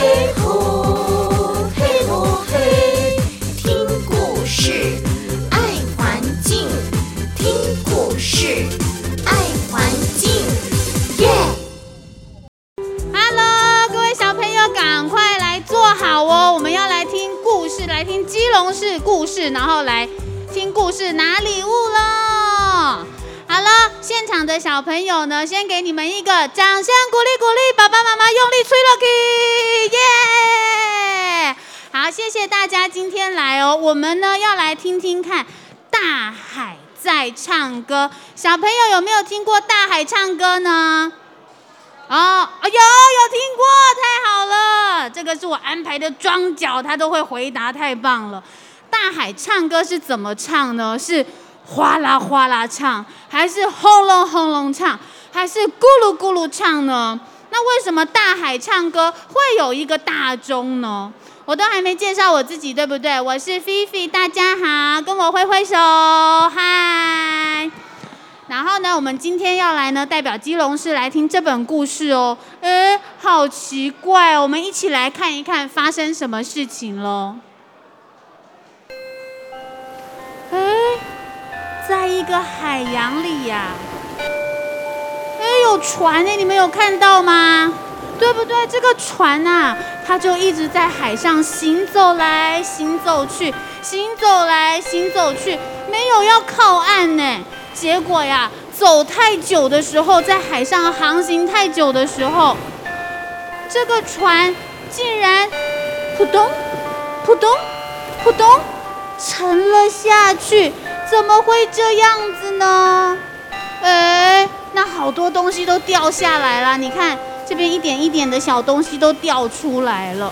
嘿吼嘿吼嘿，聽故事愛環境，聽故事愛環境，耶！Hello，各位小朋友，趕快來坐好哦，我們要來聽故事，來聽基隆市故事，然後來聽故事拿禮物嘍。好了，現場的小朋友呢，先給你們一個掌聲鼓勵鼓勵，爸爸媽媽用力吹了。耶、yeah！好，謝謝大家今天來哦。我們呢要來聽聽看大海在唱歌，小朋友有沒有聽過大海唱歌呢？哦、oh，有有聽過，太好了，這個是我安排的樁腳，他都會回答，太棒了。大海唱歌是怎麼唱呢？是。嘩啦嘩啦唱，還是轟隆轟隆唱，還是咕嚕咕嚕唱呢？那為什麼大海唱歌會有一個大鐘呢？我都還沒介紹我自己，對不對？我是菲菲，大家好，跟我揮揮手，嗨！然後呢，我們今天要來呢，代表基隆市來聽這本故事哦。誒，好奇怪，我們一起來看一看發生什麼事情嘍。一個海洋裡呀、啊，哎，有船呢。你們有看到嗎？對不對？這個船吶、啊，它就一直在海上行走來，行走去，行走來，行走去，沒有要靠岸呢。結果呀，走太久的時候，在海上航行太久的時候，這個船竟然撲通、撲通、撲通沉了下去。怎麼會這樣子呢？哎，那好多東西都掉下來了。你看這邊一點一點的小東西都掉出來了，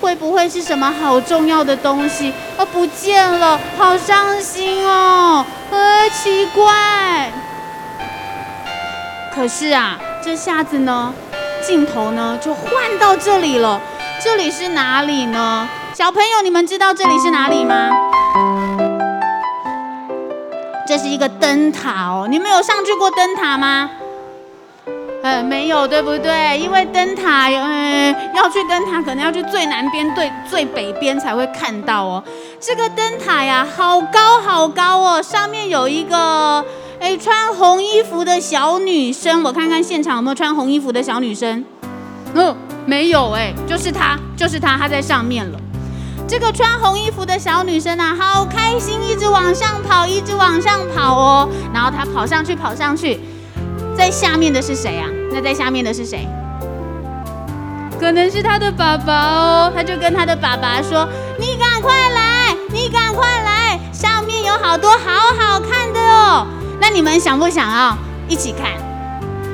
會不會是什麼好重要的東西啊、哦、不見了？好傷心哦！哎，奇怪。可是啊，這下子呢，鏡頭呢就換到這裡了。這裡是哪裡呢？小朋友，你們知道這裡是哪裡嗎？這是一個燈塔哦，你們有上去過燈塔嗎？呃，沒有，對不對？因為燈塔，嗯，要去燈塔，可能要去最南邊，對，最北邊才會看到哦。這個燈塔呀，好高好高哦，上面有一個，哎，穿紅衣服的小女生，我看看現場有沒有穿紅衣服的小女生。嗯，哦，沒有哎，就是她，就是她，她在上面了。這個穿紅衣服的小女生啊，好開心，一直往上跑，一直往上跑哦。然後她跑上去，跑上去，在下面的是誰啊？那在下面的是誰？可能是她的爸爸哦。她就跟她的爸爸說：“你趕快來，你趕快來，上面有好多好好看的哦。”那你們想不想要一起看？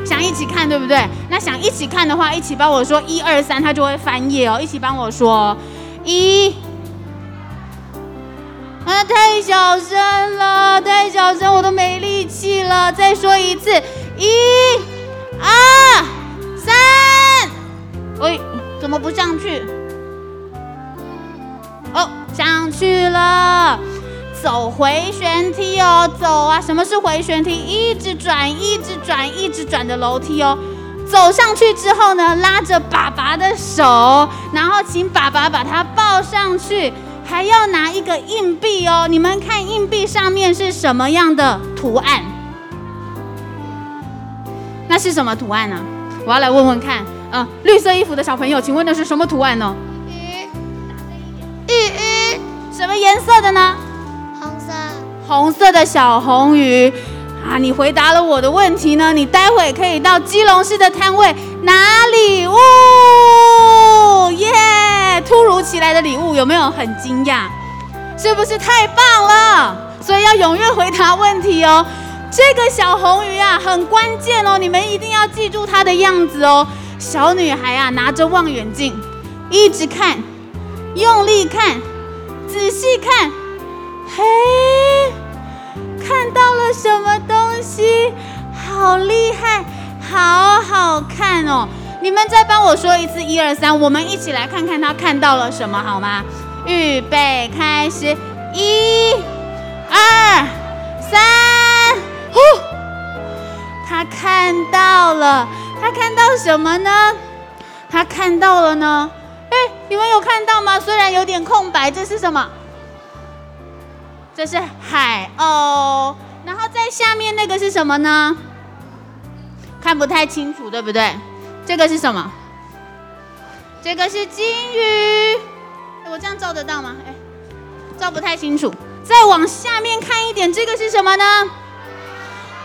想一起看，對不對？那想一起看的話，一起幫我說一二三，她就會翻頁哦。一起幫我說一。啊，太小聲了，太小聲，我都沒力氣了。再說一次，一、二、三。喂、哎，怎麼不上去？哦，上去了。走回旋梯哦，走啊！什麼是回旋梯？一直轉，一直轉，一直轉的樓梯哦。走上去之後呢，拉着爸爸的手，然後請爸爸把他抱上去。還要拿一個硬幣哦，你們看硬幣上面是什麼樣的圖案？那是什麼圖案呢、啊？我要來問問看嗯、呃，綠色衣服的小朋友，請問那是什麼圖案呢？魚、嗯，魚、嗯嗯，什麼顏色的呢？紅色，紅色的小紅魚啊！你回答了我的問題呢，你待會可以到基隆市的攤位拿禮物，耶、yeah!！突如其來的禮物有沒有很驚訝？是不是太棒了？所以要踴躍回答問題哦。這個小紅魚啊，很關鍵哦，你們一定要記住它的樣子哦。小女孩啊，拿着望遠鏡，一直看，用力看，仔細看，嘿，看到了什麼東西？好厲害，好好看哦。你們再幫我說一次一二三，1, 2, 3, 我們一起來看看他看到了什麼好嗎？預備開始，一、二、三，呼，他看到了，他看到什麼呢？他看到了呢？哎，你們有看到嗎？雖然有點空白，這是什麼？這是海鷗，然後在下面那個是什麼呢？看不太清楚，對不對？這個是什麼？這個是金魚。哎，我這樣照得到嗎？哎，照不太清楚。再往下面看一點，這個是什麼呢？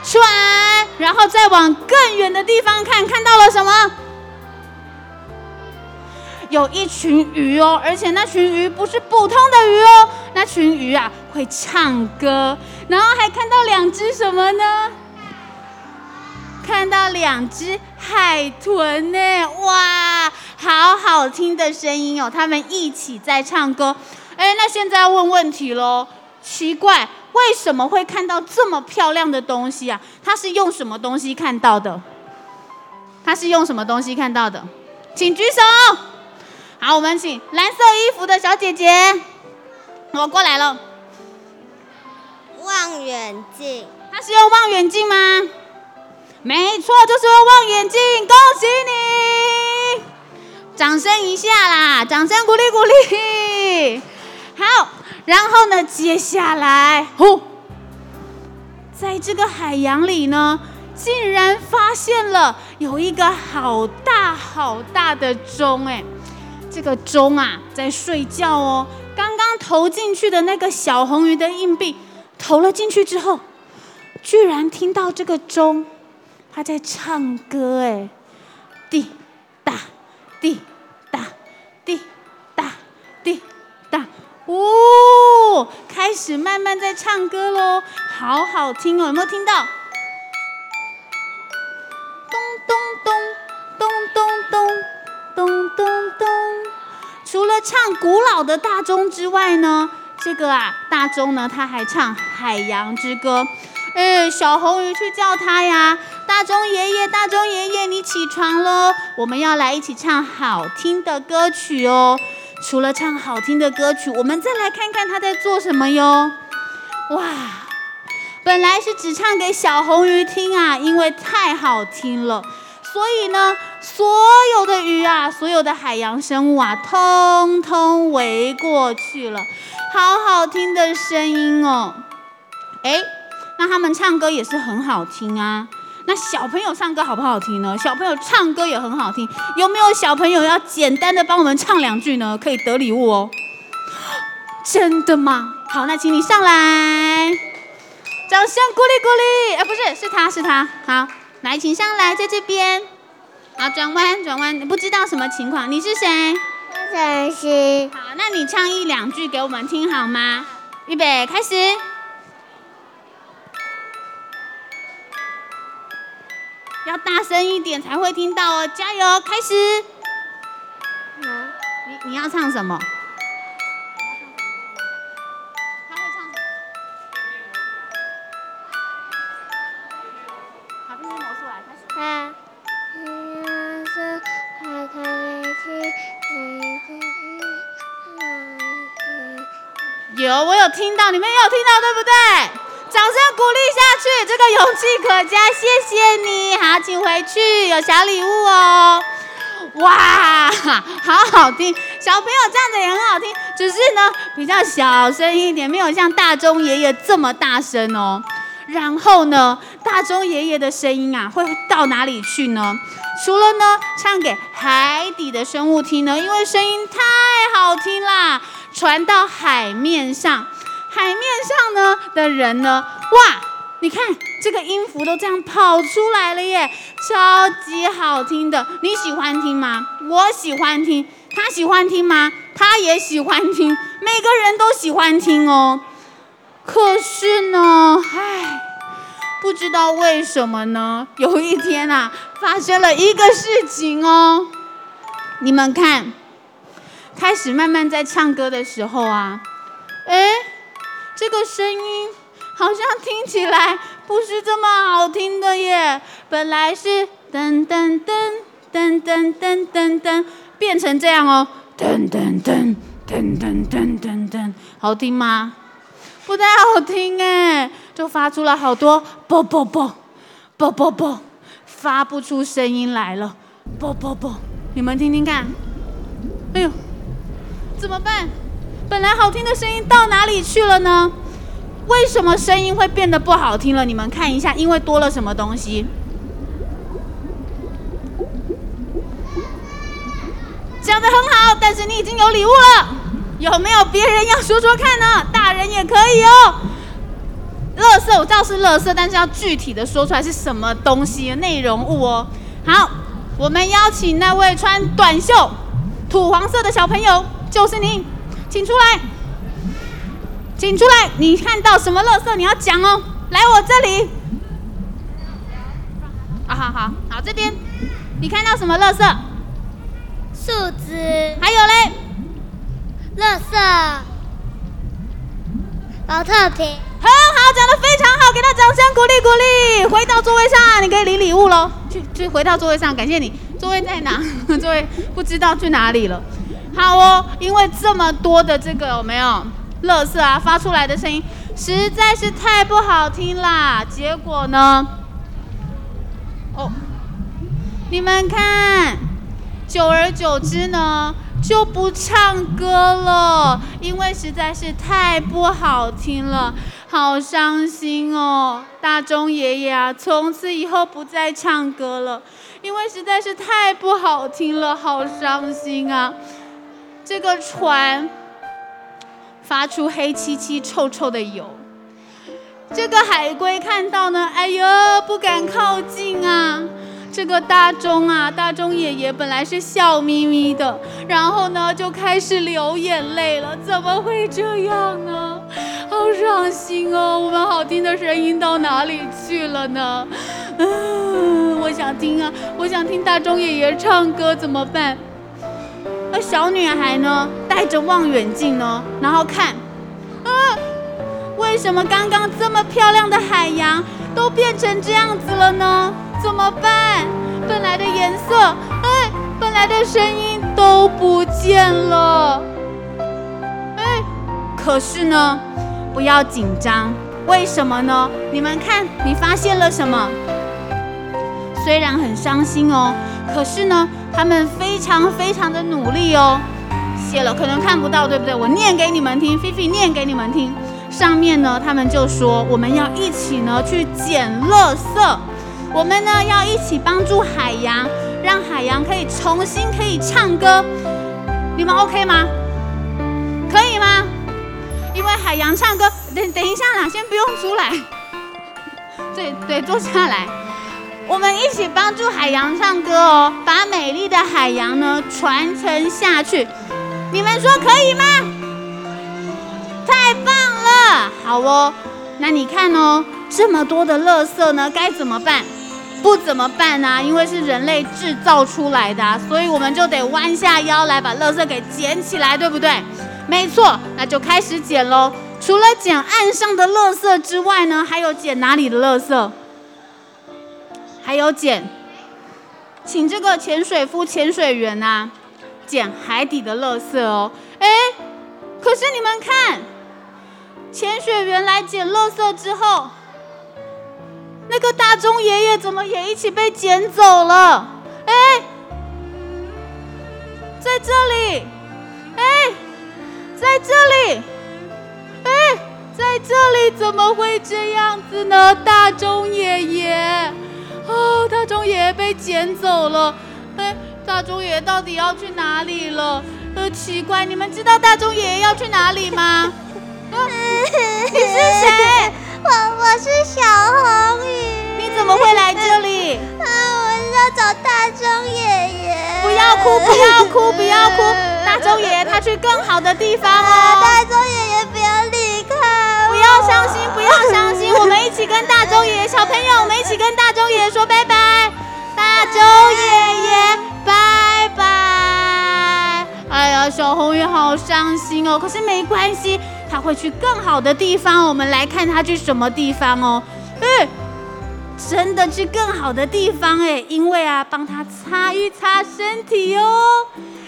出來，然後再往更遠的地方看，看到了什麼？有一群魚哦，而且那群魚不是普通的魚哦，那群魚啊會唱歌。然後還看到兩隻什麼呢？看到兩隻海豚呢，哇，好好聽的聲音哦，他們一起在唱歌。哎，那現在要問問題嘍。奇怪，為什麼會看到這麼漂亮的東西啊？他是用什麼東西看到的？他是用什麼東西看到的？請舉手。好，我們請藍色衣服的小姐姐，我過來了。望遠鏡。他是用望遠鏡嗎？沒錯，就是望遠鏡。恭喜你，掌聲一下啦！掌聲鼓勵鼓勵。好，然後呢，接下來呼，在這個海洋裡呢，竟然發現了有一個好大好大的鐘哎！這個鐘啊，在睡覺哦。剛剛投進去的那個小紅魚的硬幣，投了進去之後，居然聽到這個鐘。他在唱歌哎，滴答滴答滴答滴答，嗚、哦，開始慢慢在唱歌嘍，好好聽哦！有沒有聽到？咚咚咚咚咚咚咚咚咚，咚，咚，咚，咚咚咚。除了唱古老的大鐘之外呢，這個啊大鐘呢，它還唱海洋之歌，哎，小紅魚去叫它呀。大鐘爺爺，大鐘爺爺，你起床嘍！我們要來一起唱好聽的歌曲哦。除了唱好聽的歌曲，我們再來看看他在做什麼喲。哇，本來是只唱給小紅魚聽啊，因為太好聽了，所以呢，所有的魚啊，所有的海洋生物啊，通通圍過去了。好好聽的聲音哦。哎，那他們唱歌也是很好聽啊。那小朋友唱歌好不好聽呢？小朋友唱歌也很好聽，有沒有小朋友要簡單的幫我們唱兩句呢？可以得禮物哦。 真的嗎？好，那請你上來，掌聲鼓勵鼓勵。哎、欸，不是，是他是他。好，來，請上來，在這邊。好，轉彎轉彎，不知道什麼情況？你是誰？是誰？張晨曦。好，那你唱一兩句給我們聽好嗎？預備，開始。要大聲一點才會聽到哦，加油，開始。你你要唱什麼？他會唱什麼？卡片變魔術來，開始。嗯。有，我有聽到，你們也有聽到，對不對？掌聲鼓勵下去，這個勇氣可嘉，謝謝你。好，請回去，有小禮物哦。哇，好好聽，小朋友唱得也很好聽，只是呢比較小聲一點，沒有像大鐘爺爺這麼大聲哦。然後呢，大鐘爺爺的聲音啊，會到哪裡去呢？除了呢唱給海底的生物聽呢，因為聲音太好聽啦，傳到海面上。海面上呢的人呢？哇，你看這個音符都這樣跑出來了耶，超級好聽的。你喜歡聽嗎？我喜歡聽。他喜歡聽嗎？他也喜歡聽。每個人都喜歡聽哦。可是呢，唉，不知道為什麼呢？有一天啊，發生了一個事情哦。你們看，開始慢慢在唱歌的時候啊，哎。這個聲音好像聽起來不是這麼好聽的耶，本來是噔噔噔噔噔噔噔噔，變成這樣哦，噔噔噔噔噔噔噔噔，好聽嗎？不太好聽耶，就發出了好多啵啵啵啵啵啵，發不出聲音來了，啵啵啵，你們聽聽看，哎呦，怎麼辦？本來好聽的聲音到哪裡去了呢？為什麼聲音會變得不好聽了？你們看一下，因為多了什麼東西？爸爸爸爸講得很好，但是你已經有禮物了，有沒有別人要說說看呢？大人也可以哦。垃圾我知道是垃圾，但是要具體的說出來是什麼東西，內容物哦。好，我們邀請那位穿短袖土黃色的小朋友，就是你。請出來，請出來！你看到什麼垃圾？你要講哦，來我這裡。好、哦、好好，好這邊，你看到什麼垃圾？樹枝值。還有嘞，垃圾圾，寶特瓶。很好，講得非常好，給他掌聲鼓勵鼓勵。回到座位上，你可以領禮物嘍。去去，回到座位上，感謝你。座位在哪？座位不知道去哪裡了。好哦，因為這麼多的這個有沒有垃圾啊？發出來的聲音實在是太不好聽啦！結果呢，哦，你們看，久而久之呢，就不唱歌了，因為實在是太不好聽了，好傷心哦。大鐘爺爺啊，從此以後不再唱歌了，因為實在是太不好聽了，好傷心啊。這個船發出黑漆漆、臭臭的油。這個海龜看到呢，哎呦，不敢靠近啊。這個大鐘啊，大鐘爺爺本來是笑眯眯的，然後呢，就開始流眼淚了。怎麼會這樣呢？好傷心哦！我們好聽的聲音到哪裡去了呢？嗯、呃，我想聽啊，我想聽大鐘爺爺唱歌，怎麼辦？小女孩呢，戴着望遠鏡呢，然後看，啊，為什麼剛剛這麼漂亮的海洋都變成這樣子了呢？怎麼辦？本來的顏色，哎，本來的聲音都不見了。哎，可是呢，不要緊張。為什麼呢？你們看，你發現了什麼？雖然很傷心哦，可是呢。他們非常非常的努力哦，寫了可能看不到，對不對？我念給你們聽，菲菲念給你們聽。上面呢，他們就說我們要一起呢去撿垃圾，我們呢要一起幫助海洋，讓海洋可以重新可以唱歌。你們 OK 嗎？可以嗎？因為海洋唱歌，等等一下啦，先不用出來，對對，坐下來。我們一起幫助海洋唱歌哦，把美麗的海洋呢傳承下去。你們說可以嗎？太棒了，好哦。那你看哦，這麼多的垃圾呢，該怎麼辦？不怎麼辦啊？因為是人類制造出來的啊，所以我們就得彎下腰來把垃圾給撿起來，對不對？沒錯，那就開始撿嘍。除了撿岸上的垃圾之外呢，還有撿哪裡的垃圾？還有撿，請這個潛水夫、潛水員啊，撿海底的垃圾哦。哎，可是你們看，潛水員來撿垃圾之後，那個大鐘爺爺怎麼也一起被撿走了？哎，在這裡，哎，在這裡，哎，在這裡，怎麼會這樣子呢？大鐘爺爺。大鐘爺爺被撿走了，哎，大鐘爺爺到底要去哪裡了？呃，奇怪，你們知道大鐘爺爺要去哪裡嗎？啊嗯、你是誰？我我是小紅魚。你怎麼會來這裡？啊，我是要找大鐘爺爺。不要哭，不要哭，不要哭。大鐘爺爺他去更好的地方哦。啊、大鐘爺爺不要離開，不要傷心，不要傷心。我們一起跟大鐘爺爺，小朋友我們一起跟大鐘爺爺說拜拜。周爺爺，拜拜！哎呀，小紅魚好傷心哦。可是沒關係，他會去更好的地方。我們來看他去什麼地方哦？嗯、欸，真的去更好的地方哎。因為啊，幫他擦一擦身體喲、哦，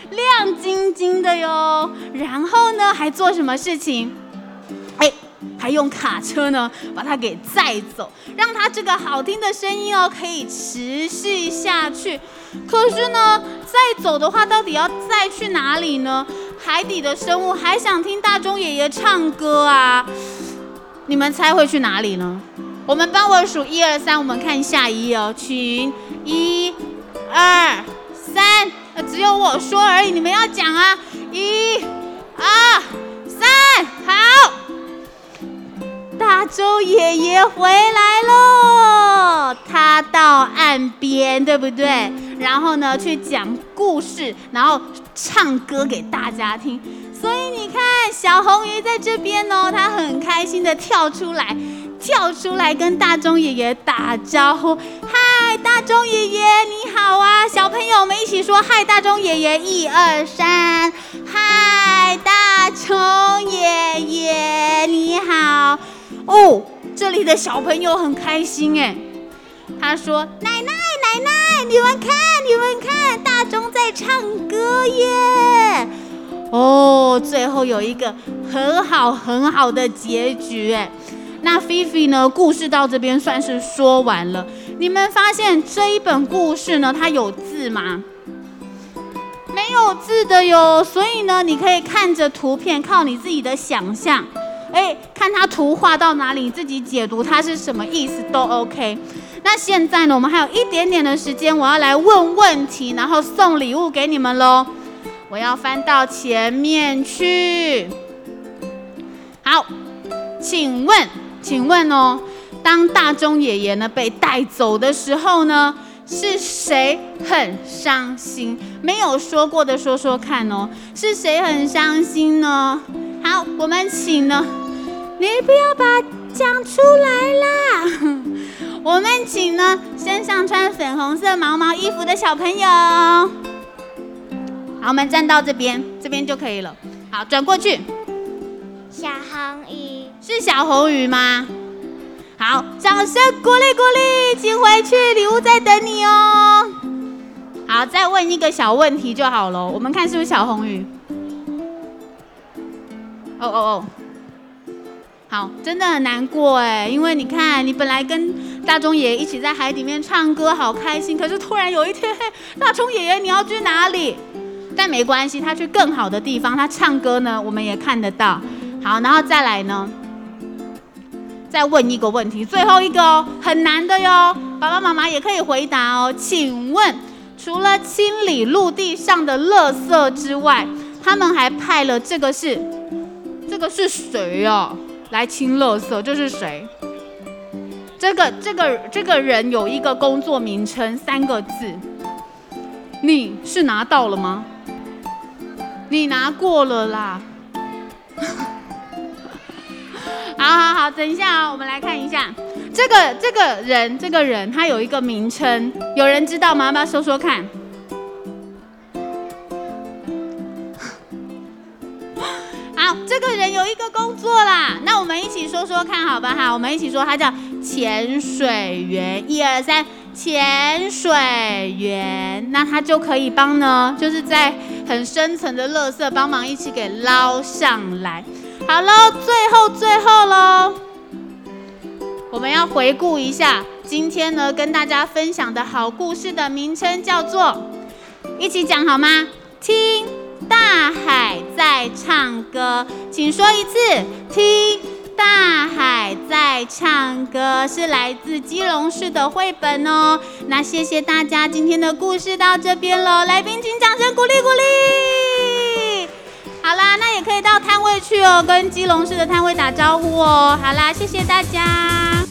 亮晶晶的喲。然後呢，還做什麼事情？哎、欸。還用卡車呢，把它給載走，讓它這個好聽的聲音哦，可以持續下去。可是呢，載走的話，到底要載去哪裡呢？海底的生物還想聽大鐘爺爺唱歌啊？你們猜會去哪裡呢？我們幫我數一二三，我們看下一頁哦，請一二三，1, 2, 3，只有我說而已，你們要講啊，一二三，好。大中爺爺回來嘍！他到岸邊，對不對？然後呢，去講故事，然後唱歌給大家聽。所以你看，小紅魚在這邊哦，他很開心地跳出來，跳出來跟大中爺爺打招呼：“嗨，大中爺爺，你好啊！”小朋友們一起說：“嗨，大中爺爺，一二三，嗨，大中爺爺，你好。”哦，這裡的小朋友很開心哎，他說：“奶奶，奶奶，你們看，你們看，大海在唱歌耶！”哦，最後有一個很好很好的結局哎。那菲菲呢？故事到這邊算是說完了。你們發現這一本故事呢，它有字嗎？沒有字的喲，所以呢，你可以看着圖片，靠你自己的想象。哎，看他圖畫到哪裡，你自己解讀他是什麼意思都 OK。那現在呢，我們還有一點點的時間，我要來問問題，然後送禮物給你們嘍。我要翻到前面去。好，請問，請問哦，當大鐘爺爺呢被帶走的時候呢，是誰很傷心？沒有說過的說說看哦，是誰很傷心呢？好，我們請呢。你不要把講出來啦！ 我們請呢，身上穿粉紅色毛毛衣服的小朋友，好，我們站到這邊，這邊就可以了。好，轉過去，小紅魚，是小紅魚嗎？好，掌聲鼓勵鼓勵，請回去，禮物在等你哦。好，再問一個小問題就好了，我們看是不是小紅魚？哦哦哦。真的很難過哎，因為你看，你本來跟大鐘爺爺一起在海裡面唱歌，好開心。可是突然有一天，大鐘爺爺你要去哪裡？但沒關係，他去更好的地方，他唱歌呢，我們也看得到。好，然後再來呢，再問一個問題，最後一個哦，很難的喲，爸爸媽媽也可以回答哦。請問，除了清理陸地上的垃圾之外，他們還派了這個是，這個是誰呀、啊？來清垃圾，這是誰？這個這個這個人有一個工作名稱，三個字。你是拿到了嗎？你拿過了啦。 好好好，等一下啊、哦，我們來看一下，這個這個人這個人他有一個名稱，有人知道嗎？要不要說說看。一起說說看好吧哈！我們一起說，它叫潛水員，一二三，潛水員。那它就可以幫呢，就是在很深層的垃圾幫忙一起給撈上來。好嘍，最後最後嘍，我們要回顧一下今天呢跟大家分享的好故事的名稱叫做，一起講好嗎？聽大海在唱歌，請說一次聽。大海在唱歌，是來自基隆市的繪本哦。那謝謝大家，今天的故事到這邊嘍。來賓請掌聲鼓勵鼓勵。好啦，那也可以到攤位去哦，跟基隆市的攤位打招呼哦。好啦，謝謝大家。